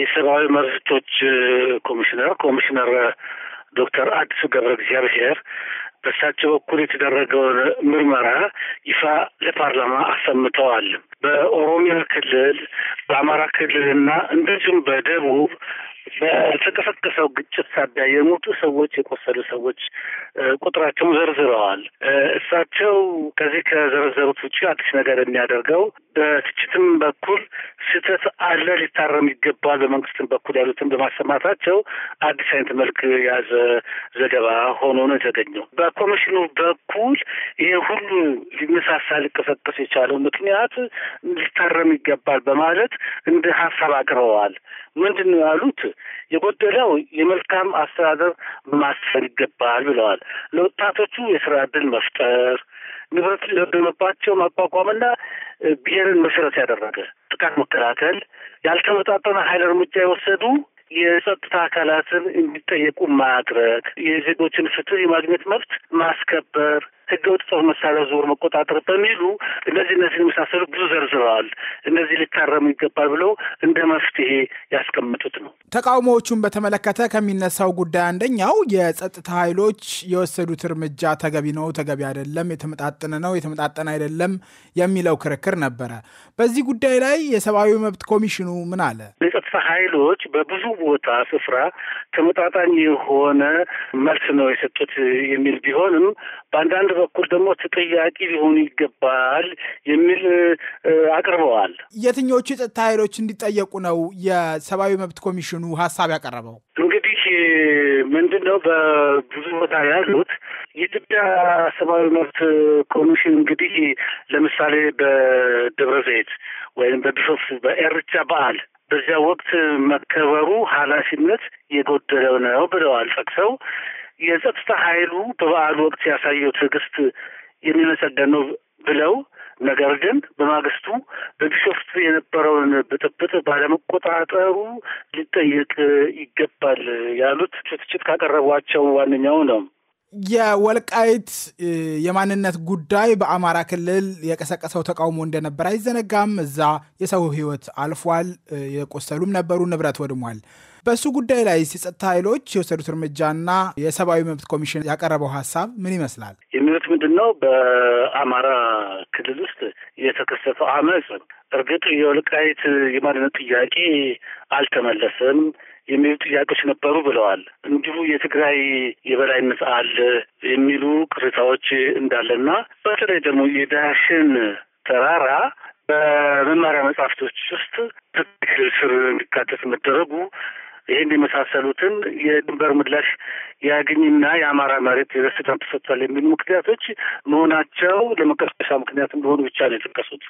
የሰብአዊ መብቶች ኮሚሽነር ኮሚሽነር ዶክተር አዲሱ ገብረ እግዚአብሔር በእሳቸው በኩል የተደረገውን ምርመራ ይፋ ለፓርላማ አሰምተዋል። በኦሮሚያ ክልል፣ በአማራ ክልል እና እንደዚሁም በደቡብ በተቀሰቀሰው ግጭት ሳቢያ የሞቱ ሰዎች፣ የቆሰሉ ሰዎች ቁጥራቸውን ዘርዝረዋል። እሳቸው ከዚህ ከዘረዘሩት ውጭ አዲስ ነገር የሚያደርገው በትችትም በኩል ስህተት አለ ሊታረም ይገባል፣ በመንግስትም በኩል ያሉትን በማሰማታቸው አዲስ አይነት መልክ የያዘ ዘገባ ሆኖ ነው የተገኘው። በኮሚሽኑ በኩል ይሄ ሁሉ ሊነሳሳ ሊቀሰቀስ የቻለው ምክንያት ሊታረም ይገባል በማለት እንደ ሀሳብ አቅርበዋል። ምንድን ነው ያሉት? የጎደለው የመልካ መልካም አስተዳደር ማስፈን ይገባል ብለዋል። ለወጣቶቹ የስራ እድል መፍጠር፣ ንብረት ለወደመባቸው ማቋቋምና ብሔርን መሰረት ያደረገ ጥቃት መከላከል፣ ያልተመጣጠነ ኃይል እርምጃ የወሰዱ የጸጥታ አካላትን እንዲጠየቁ ማድረግ፣ የዜጎችን ፍትህ የማግኘት መብት ማስከበር ህገወጥ ጦር መሳሪያ ዝውውር መቆጣጠር በሚሉ እነዚህ እነዚህን የመሳሰሉ ብዙ ዘርዝረዋል። እነዚህ ሊታረሙ ይገባል ብለው እንደ መፍትሄ ያስቀምጡት ነው። ተቃውሞዎቹን በተመለከተ ከሚነሳው ጉዳይ አንደኛው የጸጥታ ኃይሎች የወሰዱት እርምጃ ተገቢ ነው፣ ተገቢ አይደለም፣ የተመጣጠነ ነው፣ የተመጣጠነ አይደለም የሚለው ክርክር ነበረ። በዚህ ጉዳይ ላይ የሰብአዊ መብት ኮሚሽኑ ምን አለ? የጸጥታ ኃይሎች በብዙ ቦታ ስፍራ ተመጣጣኝ የሆነ መልስ ነው የሰጡት የሚል ቢሆንም በአንዳንድ በኩል ደግሞ ተጠያቂ ሊሆኑ ይገባል የሚል አቅርበዋል። የትኞቹ የጸጥታ ኃይሎች እንዲጠየቁ ነው የሰብአዊ መብት ኮሚሽኑ ሀሳብ ያቀረበው? እንግዲህ ምንድን ነው በብዙ ቦታ ያሉት የኢትዮጵያ ሰብአዊ መብት ኮሚሽን እንግዲህ ለምሳሌ በደብረ ዘይት ወይም በቢሾፍቱ በኤርቻ በዓል በዚያ ወቅት መከበሩ ኃላፊነት የጎደለው ነው ብለዋል ጠቅሰው የጸጥታ ኃይሉ በበዓል ወቅት ያሳየው ትዕግስት የሚመሰገን ነው ብለው ነገር ግን በማግስቱ በቢሾፍቱ የነበረውን ብጥብጥ ባለመቆጣጠሩ ሊጠየቅ ይገባል ያሉት ትችት ካቀረቧቸው ዋነኛው ነው። የወልቃይት የማንነት ጉዳይ በአማራ ክልል የቀሰቀሰው ተቃውሞ እንደነበር አይዘነጋም። እዛ የሰው ሕይወት አልፏል፣ የቆሰሉም ነበሩ፣ ንብረት ወድሟል። በእሱ ጉዳይ ላይ የጸጥታ ኃይሎች የወሰዱት እርምጃና የሰብአዊ መብት ኮሚሽን ያቀረበው ሀሳብ ምን ይመስላል? የሚሉት ምንድን ነው? በአማራ ክልል ውስጥ የተከሰተው አመፅ እርግጥ የወልቃይት የማንነት ጥያቄ አልተመለሰም የሚሉ ጥያቄዎች ነበሩ ብለዋል። እንዲሁ የትግራይ የበላይነት አለ የሚሉ ቅሬታዎች እንዳለና በተለይ ደግሞ የዳሽን ተራራ በመማሪያ መጽሐፍቶች ውስጥ ትክክል ስር እንዲካተት መደረጉ ይህን የመሳሰሉትን የድንበር ምላሽ ያገኝና የአማራ መሬት የበስተታን ተሰጥቷል የሚሉ ምክንያቶች መሆናቸው ለመቀስቀሻ ምክንያት እንደሆኑ ብቻ ነው የጠቀሱት።